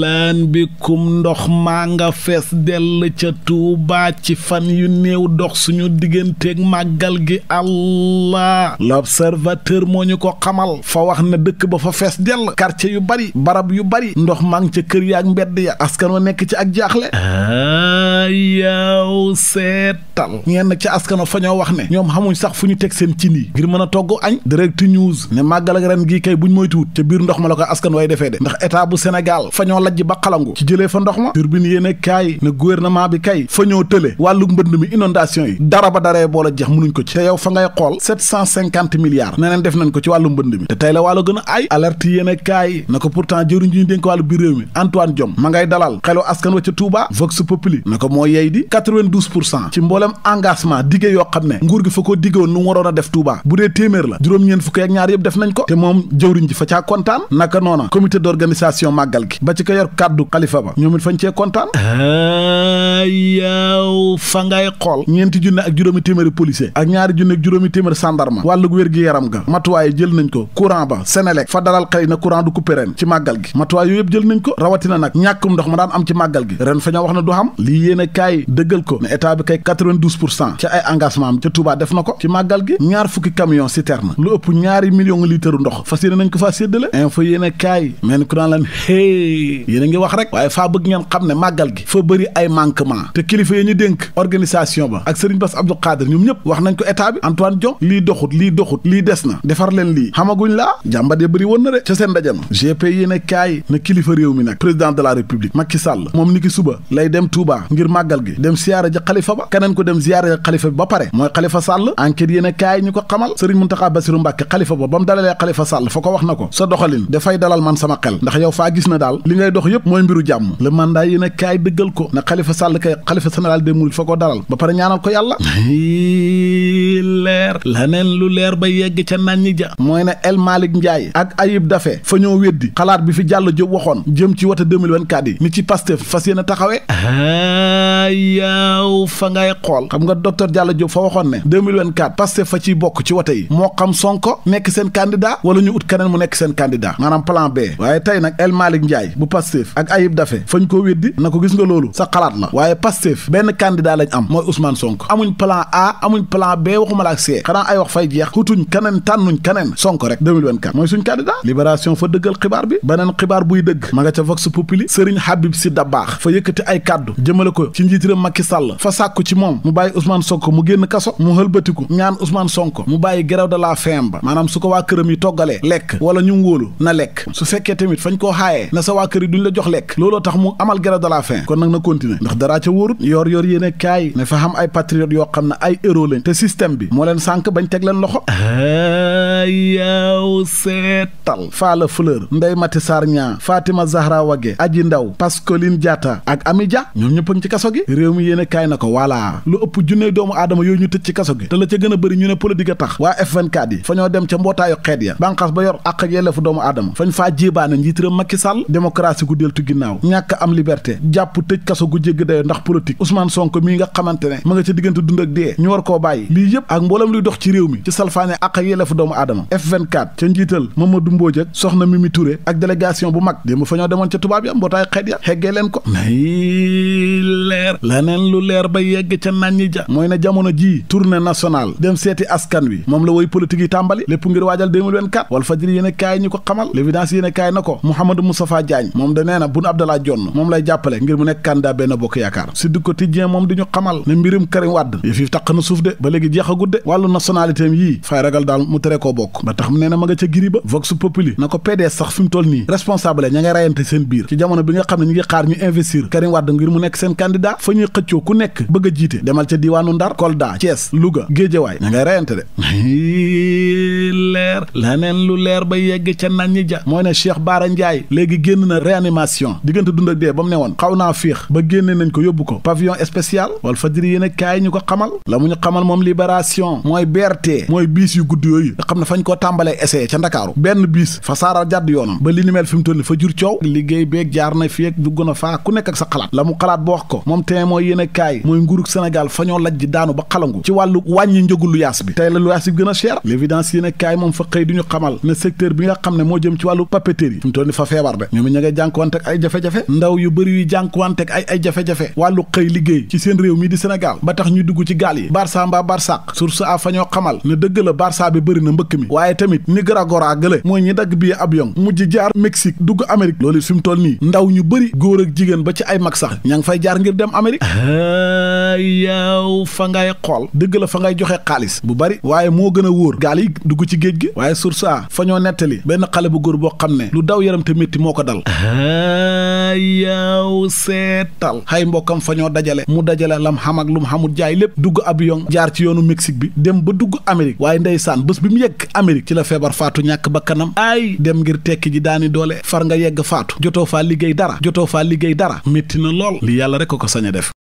lan ndox maa nga fees dell ca Tuubaa ci fan yu néew dox suñu digganteeg màggal gi Allah l'observateur moo ñu ko xamal fa wax ne dëkk ba fa fees dell quartier yu bari barab yu bari ndox maa ngi ca kër yaak mbedd ya askan wa nekk ci ak jaaxle yow seetal ñeen nag ci askano fa ñoo wax ne ñoom xamuñ sax fu ñu teg seen cin yi ngir mën a togg añ direct news ne màggal ak ren gii kay buñ moytuwut ca biir ndox ma la ko askan way defee de ndax état bu Sénégal fa ñoo lajj ba xalangu ci jëlee fa ndox ma turbine yéen kaay ne gouvernement bi kay fa ñoo tële wàllu mbënd mi inondation yi dara ba daree boola jeex mënuñ ko ci te yow fa ngay xool sept cent cinquante milliards neneen def nañ ko ci wàllu mbënd mi te tey la wàllu gën a ay alerte yéen kaay na ko pourtant jëruñ ñu dénk wàllu biir réew mi Antoine Diome moo yey di 92 pour cent ci mboolem engagement diggé yoo xam ne nguur gi fa ko diggoon nu mu waroon a def Touba bu dee téeméer la juróom-ñeen fukk ak ñaar yëpp def nañ ko te moom jëwriñ ji fa caa kontaan naka noona comité d'organisation màggal gi ba ci ko yor kàddu xalifa ba ñoom it fañ cee kontaan yaaw fa ngay xool ñeenti junne ak juróomi téeméeri policier ak ñaari junne ak juróomi téeméeri gendarme wàllug wér gi yaram ga matuwaay jël nañ ko courant ba Senelec fa dalal xëy na courant du ci màggal gi matuwaay yëpp jël nañ ko rawatina nag ñàkkum ndox ma daan am ci màggal gi yéene kaay dëggal ko ne état bi kay 92 pour cent ci ay engagement am ca Touba def na ko ci màggal gi ñaar fukki camion citerne lu ëpp ñaari million litre ndox fas yéene nañ ko faa séddale info yéene kaay mel ni ku leen hey yéen a ngi wax rek waaye faa bëgg ngeen xam ne màggal gi fa bëri ay manquement te kilifa yi ñu dénk organisation ba ak Serigne Bass Abdou Khadre ñoom ñëpp wax nañ ko état bi Antoine Diome lii doxut lii doxut lii des na defar leen lii xamaguñ laa jàmbat ya woon na de seen ndaje ma kaay kilifa réew mi nag président de la république Macky Sall moom ni ki suba lay dem Touba ngir màggal gi dem siyaara ji xalifa ba keneen ko dem siyaara ji xalifa bi ba pare mooy xalifa sàll enquête yéen a kaay ñu ko xamal sëriñ Muntaxa Basiru Mbàkke xalifa ba ba mu dalalee xalifa sàll fa ko wax na ko sa doxalin dafay dalal man sama xel ndax yow faa gis na daal li ngay dox yëpp mooy mbiru jàmm le mandat yéen a kaay dëggal ko na xalifa sàll kay xalifa général des mourides fa ko dalal ba pare ñaanal ko yàlla leer laneen lu leer ba yegg ca naan yaaw fa ngay xool xam nga docteur Diallo Diop fa waxoon ne 2024 Pastef fa ciy bokk ci wote yi moo xam Sonko nekk seen candidat wala ñu ut keneen mu nekk seen candidat maanaam plan B waaye tey nag El Malick Ndiaye bu Pastef ak Ayib Dafe fañ koo weddi na ko gis nga loolu sa xalaat la waaye Pastef benn candidat lañ am mooy Ousmane Sonko amuñ plan A amuñ plan B waxuma la ak C xanaa ay wax fay jeex xutuñ keneen tànnuñ keneen Sonko rek 2024 mooy suñ candidat Libération bi beneen xibaar buy dëgg ma nga ca Vox Populi Serigne Habib Sy Dabakh ba ci njiitiram Macky Sall fa sàkku ci moom mu bàyyi Ousmane Sonko mu génn kaso mu hëlbatiku ñaan Ousmane Sonko mu bàyyi grève de la faim ba maanaam su ko waa këram yi toggalee lekk wala ñu ngóolu na lekk su fekkee tamit fañ koo xaayee na sa waa kër yi duñ la jox lekk looloo tax mu amal grève de la faim kon nag na continuer ndax daraa ca wóorut yor yor yéene kaay ne fa xam ay patriotes yoo xam ne ay héros lañ te système bi moo leen sànk bañ teg leen loxo yaw seetal Fala Fleur Ndeye Mati Sarr Niang Fatima Zahra Wague Ndaw Pascaline kaso gi réew mi yéen a kaay na ko voilà lu ëpp junne doomu aadama yooyu ñu tëj ci kaso gi te la ca gën a bëri ñu ne politique a tax waa F24 yi fa ñoo dem ca mbootaayu xeet ya bànqaas ba yor àq ak yelleefu doomu aadama fañ faa jéebaane njiitiram Macky Sall démocratie gu ginnaaw ñàkk am liberté jàpp tëj kaso gu jégg dayo ndax politique Ousmane Sonko mii nga xamante ne mu nga ca diggante dund ak dee ñu war koo bàyyi lii yëpp ak mboolam luy dox ci réew mi ci salfaane àq ak yelleefu doomu aadama F24 ca njiital bu mag demoon ca tubaab ya mbootaayu xeet leer laneen lu leer ba yegg ca naññi ja mooy ne jamono ji tournée nationale dem seeti askan wi moom la woy politique yi tàmbali lépp ngir waajal 2024 wal fajiri yéen a kaay ñu ko xamal l'évidence yéen kaay na ko Mouhamadou Moustapha Diagne moom da nee na Boun Abdallah Dionne moom lay jàppale ngir mu nekk candidat Benno Bokk Yaakaar Sud Quotidien moom di ñu xamal ne mbirum Karim Wade yëf yi taq na suuf de ba léegi jeexagut de wàllu nationalité candidat fa ñuy xëccoo ku nekk bëgg a jiite demal ca diiwaanu Ndar Kolda Thiès luga Géejawaay ña nga reyante de leer laneen lu leer ba yegg ca nan ñi ja mooy ne Cheikh Baara Ndiaye léegi génn na réanimation diggante dund ak dee ba mu ne woon xaw naa fiix ba génne nañ ko yóbbu ko pavillon spécial wal fajiri yéen a kaay ñu ko xamal la mu ñu xamal moom libération mooy BRT mooy biis yu gudd yooyu xam ne fañ koo tàmbalee essayé ca Ndakaaru benn biis fa saaral jàdd yoonam ba li ni mel fi mu toll fa jur coow liggéey beeg jaar na fi ak dugg na faa ku nekk sa xalaat la mu xalaat ba wax ko moom tamit mooy yéen a kaay mooy nguurug Sénégal fa ñoo lajj daanu ba xalangu ci wàllu wàññi njëgu lu bi tey la lu yaas bi gën a cher l'évidence yéen a kaay moom fa xëy du ñu xamal ne secteur bi nga xam ne moo jëm ci wàllu papeterie fi mu toll ni fa feebar de ñoom ña ngay ay jafe-jafe ndaw yu bëri yu jànkuwante ak ay ay jafe-jafe wàllu xëy liggéey ci seen réew mi di Sénégal ba tax ñu dugg ci gaal yi Barça mbaa Barsaq source a fa ñoo xamal ne dëgg la Barça bi bëri na mbëkk mi waaye tamit Nicaragua gële mooy ñi dagg bii avion mujj jaar Mexique dugg Amérique loolu fi mu toll nii ndaw ñu bëri góor ak jigéen ba ci ay mag sax ña ngi fay jaar ngir dem Amérique ah, yaaw fa ngay xool dëgg la fa ngay joxe xaalis bu bari waaye moo gën a wóor gaal yi dugg ci géej gi waaye sur saa fa nettali benn xale bu góor boo xam ne lu daw yaram te métti moo ko dal ah, yaaw seetal xay mbokkam fa ñoo dajale mu dajale lam xam ak lu mu xamul jaay lépp dugg avion jaar ci yoonu Mexique bi dem ba dugg Amérique waaye ndeysaan bés bi mu yegg Amérique ci la feebar faatu ñàkk ba kanam ay dem ngir tekki ji daani doole far nga yegg faatu jotoo faa liggéey dara jotoo faa liggéey dara métti na lool yàlla rek ko def